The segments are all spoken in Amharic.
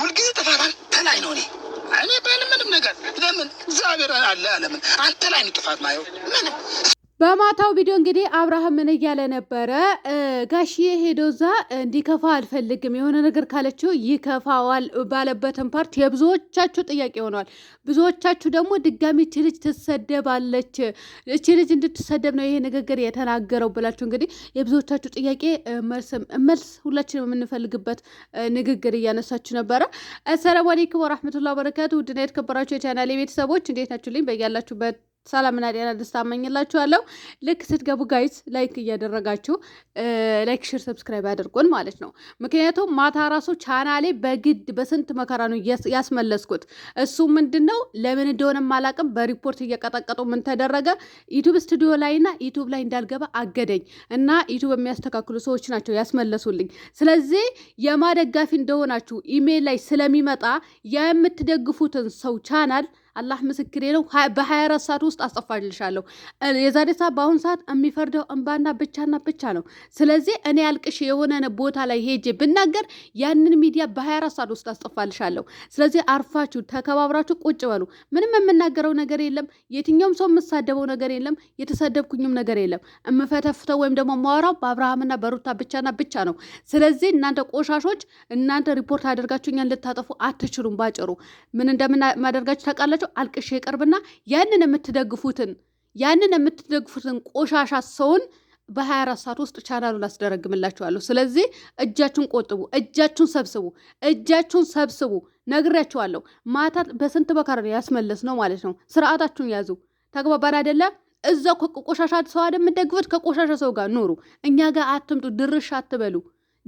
ሁልጊዜ ጥፋት አንተ ላይ ነው። እኔ እኔ ምንም ነገር ለምን እግዚአብሔር አለ ለምን አንተ ላይ ነው ጥፋት ማየው ምንም በማታው ቪዲዮ እንግዲህ አብርሃም ምን እያለ ነበረ? ጋሽዬ ሄዶ እዛ እንዲከፋ አልፈልግም፣ የሆነ ነገር ካለችው ይከፋዋል ባለበትን ፓርት የብዙዎቻችሁ ጥያቄ ሆኗል። ብዙዎቻችሁ ደግሞ ድጋሚ እቺ ልጅ ትሰደባለች፣ እቺ ልጅ እንድትሰደብ ነው ይሄ ንግግር የተናገረው ብላችሁ እንግዲህ የብዙዎቻችሁ ጥያቄ መልስ መልስ ሁላችንም የምንፈልግበት ንግግር እያነሳችሁ ነበረ። አሰላሙ አለይኩም ወራህመቱላሂ ወበረካቱ። ውድና የተከበራችሁ የቻናሌ ቤተሰቦች እንዴት ናችሁልኝ? በያላችሁበት ሰላምና ጤና ደስታ አመኝላችኋለሁ። ልክ ስትገቡ ጋይስ ላይክ እያደረጋችሁ ላይክ፣ ሽር፣ ሰብስክራይብ አድርጎን ማለት ነው። ምክንያቱም ማታ ራሱ ቻናሌ በግድ በስንት መከራ ነው ያስመለስኩት። እሱ ምንድን ነው ለምን እንደሆነ ማላቅም በሪፖርት እየቀጠቀጡ ምን ተደረገ ዩቱብ ስቱዲዮ ላይና ዩቱብ ላይ እንዳልገባ አገደኝ እና ዩቱብ የሚያስተካክሉ ሰዎች ናቸው ያስመለሱልኝ። ስለዚህ የማደጋፊ እንደሆናችሁ ኢሜይል ላይ ስለሚመጣ የምትደግፉትን ሰው ቻናል አላህ ምስክሬ ነው። በ24 ሰዓት ውስጥ አስጠፋልሻለሁ። የዛሬ ሰዓት በአሁኑ ሰዓት የሚፈርደው እንባና ብቻና ብቻ ነው። ስለዚህ እኔ አልቅሽ የሆነ ቦታ ላይ ሄጄ ብናገር ያንን ሚዲያ በ24 ሰዓት ውስጥ አስጠፋልሻለሁ። ስለዚህ አርፋችሁ ተከባብራችሁ ቁጭ በሉ። ምንም የምናገረው ነገር የለም። የትኛውም ሰው የምሳደበው ነገር የለም። የተሰደብኩኝም ነገር የለም። የምፈተፍተው ወይም ደግሞ ማወራው በአብርሃምና በሩታ ብቻና ብቻ ነው። ስለዚህ እናንተ ቆሻሾች፣ እናንተ ሪፖርት አደርጋችሁ እኛን ልታጠፉ አትችሉም። ባጭሩ ምን እንደምናደርጋችሁ ታውቃላችሁ። ካላቸው አልቅሼ ይቀርብና ያንን የምትደግፉትን ያንን የምትደግፉትን ቆሻሻ ሰውን በ24 ሰዓት ውስጥ ቻናሉን አስደረግምላችኋለሁ። ስለዚህ እጃችሁን ቆጥቡ፣ እጃችሁን ሰብስቡ፣ እጃችሁን ሰብስቡ። ነግሬያችኋለሁ። ማታ በስንት በካር ያስመለስ ነው ማለት ነው። ስርዓታችሁን ያዙ። ተግባባን አይደለ? እዛ ከቆሻሻ ሰው አይደል የምትደግፉት? ከቆሻሻ ሰው ጋር ኑሩ። እኛ ጋር አትምጡ። ድርሽ አትበሉ፣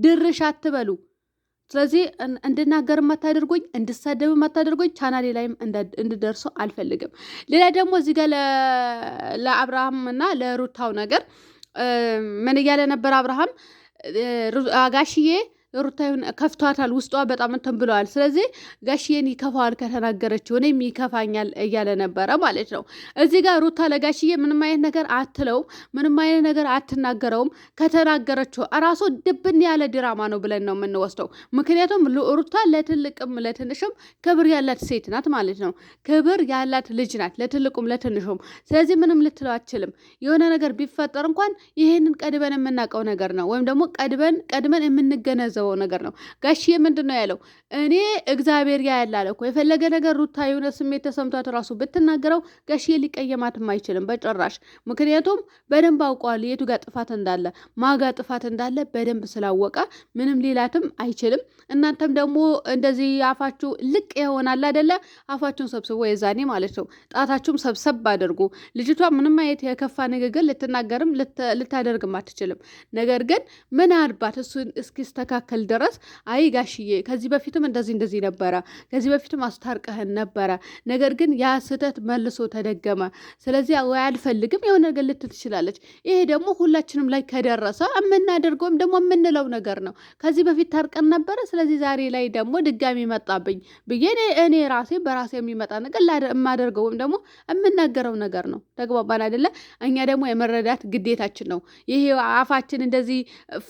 ድርሽ አትበሉ። ስለዚህ እንድናገር የማታደርጎኝ እንድሳደብ የማታደርጎኝ ቻናሌ ላይም እንድደርሱ አልፈልግም። ሌላ ደግሞ እዚህ ጋር ለአብርሃም እና ለሩታው ነገር ምን እያለ ነበር አብርሃም አጋሽዬ ሩታዩን ከፍቷታል፣ ውስጧ በጣም እንትን ብለዋል። ስለዚህ ጋሽዬን ይከፋዋል ከተናገረችው እኔም ይከፋኛል እያለ ነበረ ማለት ነው። እዚህ ጋር ሩታ ለጋሽዬ ምንም አይነት ነገር አትለውም፣ ምንም አይነት ነገር አትናገረውም። ከተናገረችው እራሱ ድብን ያለ ድራማ ነው ብለን ነው የምንወስደው። ምክንያቱም ሩታ ለትልቅም ለትንሽም ክብር ያላት ሴት ናት ማለት ነው። ክብር ያላት ልጅ ናት፣ ለትልቁም ለትንሹም። ስለዚህ ምንም ልትለው አችልም የሆነ ነገር ቢፈጠር እንኳን ይሄንን ቀድበን የምናውቀው ነገር ነው ወይም ደግሞ ቀድበን ቀድመን የምንገነዘው የሚያስበው ነገር ነው። ጋሽዬ ምንድን ነው ያለው? እኔ እግዚአብሔር ያያል አለ እኮ። የፈለገ ነገር ሩታ የሆነ ስሜት ተሰምቷት ራሱ ብትናገረው ጋሽዬ ሊቀየማትም አይችልም በጭራሽ። ምክንያቱም በደንብ አውቀዋል የቱ ጋር ጥፋት እንዳለ ማጋ ጥፋት እንዳለ በደንብ ስላወቀ ምንም ሌላትም አይችልም። እናንተም ደግሞ እንደዚህ አፋችሁ ልቅ ይሆናል አደለ? አፋችሁን ሰብስቦ የዛኔ ማለት ነው ጣታችሁም ሰብሰብ አድርጉ። ልጅቷ ምንም አይነት የከፋ ንግግር ልትናገርም ልታደርግም አትችልም። ነገር ግን ምናልባት እሱን እስኪስተካከል እስክንታከል ድረስ አይ ጋሽዬ ከዚህ በፊትም እንደዚህ እንደዚህ ነበረ፣ ከዚህ በፊትም አስታርቀህን ነበረ፣ ነገር ግን ያ ስህተት መልሶ ተደገመ። ስለዚህ ወይ አልፈልግም የሆነ ነገር ልትል ትችላለች። ይሄ ደግሞ ሁላችንም ላይ ከደረሰ የምናደርገውም ደግሞ የምንለው ነገር ነው። ከዚህ በፊት ታርቀን ነበረ፣ ስለዚህ ዛሬ ላይ ደግሞ ድጋሚ መጣብኝ ብዬ እኔ ራሴ በራሴ የሚመጣ ነገር የማደርገው ወይም ደግሞ የምናገረው ነገር ነው። ተግባባን አይደለ? እኛ ደግሞ የመረዳት ግዴታችን ነው። ይሄ አፋችን እንደዚህ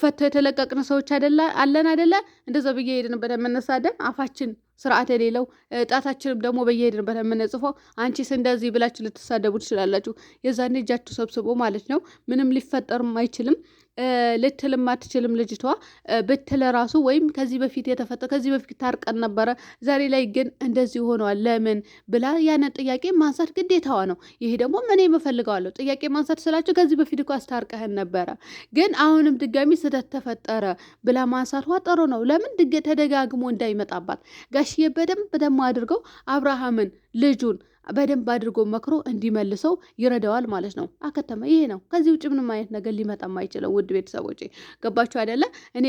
ፈቶ የተለቀቅን ሰዎች አይደለ አለን አይደለ? እንደዛ በየሄድንበት የምንሳደብ አፋችን ስርዓት የሌለው ጣታችንም ደግሞ በየሄድንበት የምንጽፈው አንቺስ እንደዚህ ብላችሁ ልትሳደቡ ትችላላችሁ። የዛኔ እጃችሁ ሰብስቦ ማለት ነው ምንም ሊፈጠርም አይችልም። ልትልም አትችልም ልጅቷ ብትል ራሱ ወይም ከዚህ በፊት የተፈጠ ከዚህ በፊት ታርቀን ነበረ ዛሬ ላይ ግን እንደዚህ ሆነዋል ለምን ብላ ያንን ጥያቄ ማንሳት ግዴታዋ ነው። ይሄ ደግሞ ምን የምፈልገዋለሁ ጥያቄ ማንሳት ስላቸው ከዚህ በፊት እኮ አስታርቀህን ነበረ ግን አሁንም ድጋሚ ስህተት ተፈጠረ ብላ ማንሳቷ ጥሩ ነው። ለምን ድገ ተደጋግሞ እንዳይመጣባት ጋሽዬ በደንብ ደግሞ አድርገው አብርሃምን ልጁን በደንብ አድርጎ መክሮ እንዲመልሰው ይረዳዋል ማለት ነው። አከተመ። ይሄ ነው። ከዚህ ውጭ ምንም አይነት ነገር ሊመጣም አይችልም ውድ ቤተሰቦቼ ገባችሁ አይደለ? እኔ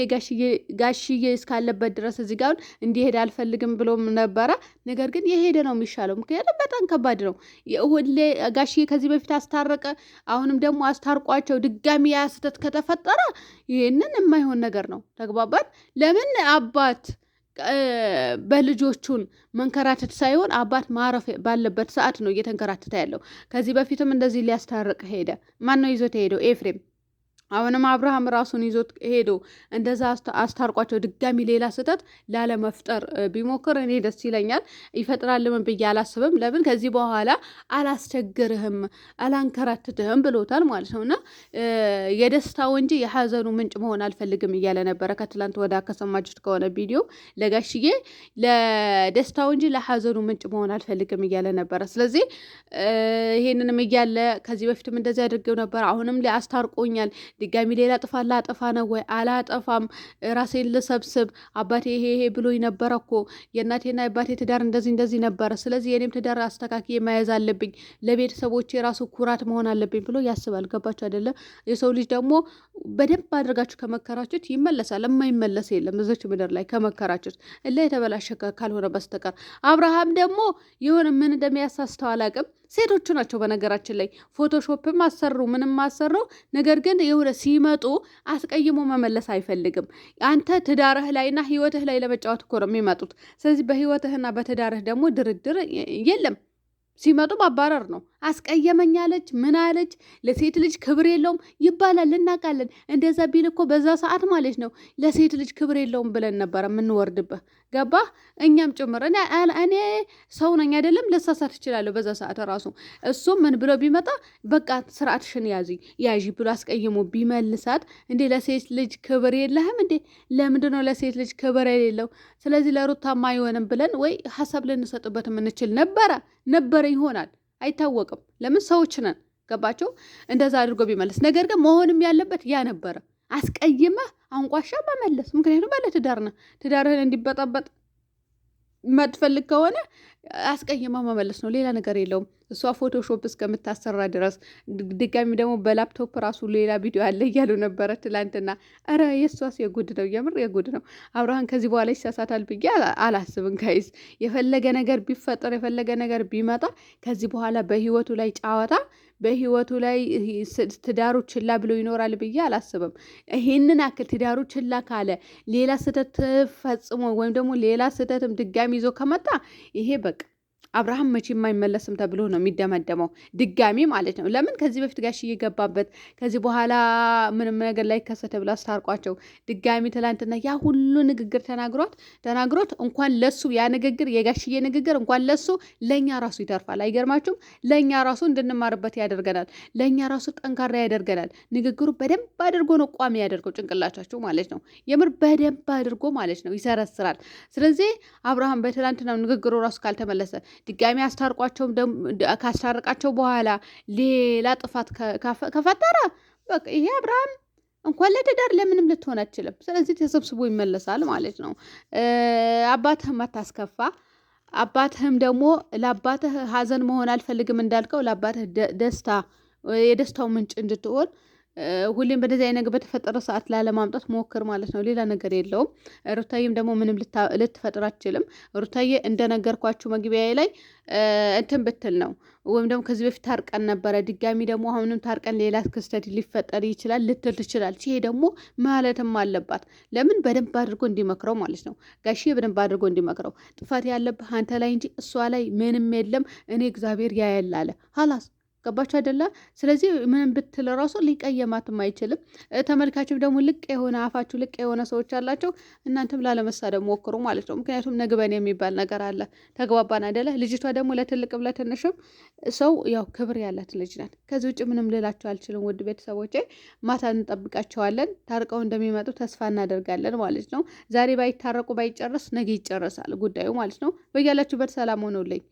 ጋሽዬ እስካለበት ድረስ እዚህ ጋር እንዲሄድ አልፈልግም ብሎም ነበረ። ነገር ግን የሄደ ነው የሚሻለው፣ ምክንያቱም በጣም ከባድ ነው። ሁሌ ጋሽዬ ከዚህ በፊት አስታረቀ፣ አሁንም ደግሞ አስታርቋቸው ድጋሚ ያ ስህተት ከተፈጠረ ይህንን የማይሆን ነገር ነው። ተግባባት ለምን አባት በልጆቹን መንከራተት ሳይሆን አባት ማረፍ ባለበት ሰዓት ነው እየተንከራተተ ያለው። ከዚህ በፊትም እንደዚህ ሊያስታርቅ ሄደ። ማን ነው ይዞት የሄደው? ኤፍሬም አሁንም አብርሃም ራሱን ይዞት ሄዶ እንደዛ አስታርቋቸው ድጋሚ ሌላ ስህተት ላለመፍጠር ቢሞክር እኔ ደስ ይለኛል። ይፈጥራልም ብዬ አላስብም። ለምን ከዚህ በኋላ አላስቸግርህም፣ አላንከራትትህም ብሎታል ማለት ነው። እና የደስታው እንጂ የሀዘኑ ምንጭ መሆን አልፈልግም እያለ ነበረ ከትላንት ወዳ ከሰማችሁት ከሆነ ቪዲዮ ለጋሽዬ ለደስታው እንጂ ለሀዘኑ ምንጭ መሆን አልፈልግም እያለ ነበረ። ስለዚህ ይሄንንም እያለ ከዚህ በፊትም እንደዚህ አድርገው ነበር፣ አሁንም ሊያስታርቆኛል ድጋሚ ሌላ ጥፋት ላጠፋ ነው ወይ? አላጠፋም፣ ራሴን ልሰብስብ። አባቴ ይሄ ይሄ ብሎኝ ነበረ እኮ የእናቴና የአባቴ ትዳር እንደዚህ እንደዚህ ነበረ። ስለዚህ የኔም ትዳር አስተካክዬ መያዝ አለብኝ፣ ለቤተሰቦቼ የራሱ ኩራት መሆን አለብኝ ብሎ ያስባል። ገባችሁ አይደለም? የሰው ልጅ ደግሞ በደንብ አድርጋችሁ ከመከራችሁት ይመለሳል። የማይመለስ የለም እዚች ምድር ላይ ከመከራችሁት እላ የተበላሸ ካልሆነ በስተቀር አብርሃም ደግሞ የሆነ ምን እንደሚያሳስተው አላቅም። ሴቶቹ ናቸው። በነገራችን ላይ ፎቶሾፕም አሰሩ ምንም አሰሩ። ነገር ግን የሆነ ሲመጡ አስቀይሞ መመለስ አይፈልግም። አንተ ትዳርህ ላይና ህይወትህ ላይ ለመጫወት እኮ ነው የሚመጡት። ስለዚህ በህይወትህና በትዳርህ ደግሞ ድርድር የለም። ሲመጡ ማባረር ነው። አስቀየመኛለች ምን አለች፣ ለሴት ልጅ ክብር የለውም ይባላል፣ እናውቃለን። እንደዛ ቢል እኮ በዛ ሰዓት ማለት ነው ለሴት ልጅ ክብር የለውም ብለን ነበረ የምንወርድበት። ገባ እኛም ጭምር እኔ ሰው ነኝ አይደለም፣ ልሳሳት እችላለሁ። በዛ ሰዓት ራሱ እሱም ምን ብሎ ቢመጣ በቃ ስርዓትሽን ያዥ ያዥ ብሎ አስቀይሞ ቢመልሳት፣ እንዴ ለሴት ልጅ ክብር የለህም እንዴ? ለምንድን ነው ለሴት ልጅ ክብር የሌለው? ስለዚህ ለሩታማ አይሆንም ብለን ወይ ሀሳብ ልንሰጥበት የምንችል ነበረ ነበረ ይሆናል አይታወቅም። ለምን ሰዎች ነን። ገባቸው። እንደዛ አድርጎ ቢመለስ ነገር ግን መሆንም ያለበት ያ ነበረ። አስቀይመህ አንቋሻ መመለስ። ምክንያቱም ባለ ትዳር ነህ። ትዳርህን እንዲበጠበጥ መትፈልግ ከሆነ አስቀይማ መመለስ ነው። ሌላ ነገር የለውም። እሷ ፎቶሾፕ እስከምታሰራ ድረስ ድጋሚ ደግሞ በላፕቶፕ ራሱ ሌላ ቪዲዮ አለ እያሉ ነበረ ትላንትና። ኧረ የእሷስ የጉድ ነው፣ የምር የጉድ ነው። አብርሃን ከዚህ በኋላ ይሳሳታል ብዬ አላስብም። ከይዝ የፈለገ ነገር ቢፈጠር የፈለገ ነገር ቢመጣ ከዚህ በኋላ በህይወቱ ላይ ጫወታ በህይወቱ ላይ ትዳሩ ችላ ብሎ ይኖራል ብዬ አላስብም። ይህንን አክል ትዳሩ ችላ ካለ ሌላ ስህተት ፈጽሞ ወይም ደግሞ ሌላ ስህተትም ድጋሚ ይዞ ከመጣ ይሄ በ አብርሃም መቼም አይመለስም ተብሎ ነው የሚደመደመው፣ ድጋሚ ማለት ነው። ለምን ከዚህ በፊት ጋሽ እየገባበት ከዚህ በኋላ ምንም ነገር ላይ ከሰተ ብላ አስታርቋቸው ድጋሚ ትላንትና ያ ሁሉ ንግግር ተናግሯት ተናግሮት እንኳን ለሱ ያ ንግግር የጋሽዬ ንግግር እንኳን ለሱ ለእኛ ራሱ ይተርፋል። አይገርማችሁም? ለእኛ ራሱ እንድንማርበት ያደርገናል። ለእኛ ራሱ ጠንካራ ያደርገናል። ንግግሩ በደንብ አድርጎ ነው ቋሚ ያደርገው ጭንቅላቻቸው ማለት ነው። የምር በደንብ አድርጎ ማለት ነው ይሰረስራል። ስለዚህ አብርሃም በትላንትናው ንግግሩ ራሱ ካልተመለሰ ድጋሚ አስታርቋቸውም ካስታረቃቸው በኋላ ሌላ ጥፋት ከፈጠረ በቃ ይሄ አብርሃም እንኳን ለትዳር ለምንም ልትሆን አችልም። ስለዚህ ተሰብስቦ ይመለሳል ማለት ነው። አባትህም አታስከፋ። አባትህም ደግሞ ለአባትህ ሀዘን መሆን አልፈልግም እንዳልከው ለአባትህ ደስታ የደስታው ምንጭ እንድትሆን ሁሌም በደዚህ አይነት በተፈጠረ ሰዓት ላለማምጣት ሞክር ማለት ነው። ሌላ ነገር የለውም። ሩታዬም ደግሞ ምንም ልትፈጥር አትችልም። ሩታዬ እንደነገርኳችሁ መግቢያ ላይ እንትን ብትል ነው ወይም ደግሞ ከዚህ በፊት ታርቀን ነበረ፣ ድጋሚ ደግሞ አሁንም ታርቀን ሌላ ክስተት ሊፈጠር ይችላል ልትል ትችላል። ይሄ ደግሞ ማለትም አለባት። ለምን በደንብ አድርጎ እንዲመክረው ማለት ነው። ጋሼ በደንብ አድርጎ እንዲመክረው ጥፋት ያለብህ አንተ ላይ እንጂ እሷ ላይ ምንም የለም፣ እኔ እግዚአብሔር ያያል አለ ሀላስ ገባችሁ አይደለ? ስለዚህ ምንም ብትል ራሱ ሊቀየማትም አይችልም። ተመልካችም ደግሞ ልቅ የሆነ አፋችሁ ልቅ የሆነ ሰዎች አላቸው። እናንተም ላለመሳደብ ሞክሩ ማለት ነው። ምክንያቱም ነግበን የሚባል ነገር አለ። ተግባባን አይደለ? ልጅቷ ደግሞ ለትልቅም ለትንሽም ሰው ያው ክብር ያላት ልጅ ናት። ከዚህ ውጭ ምንም ልላቸው አልችልም። ውድ ቤተሰቦቼ ማታ እንጠብቃቸዋለን። ታርቀው እንደሚመጡ ተስፋ እናደርጋለን ማለት ነው። ዛሬ ባይታረቁ ባይጨረስ ነገ ይጨረሳል ጉዳዩ ማለት ነው። በያላችሁበት ሰላም ሆኖልኝ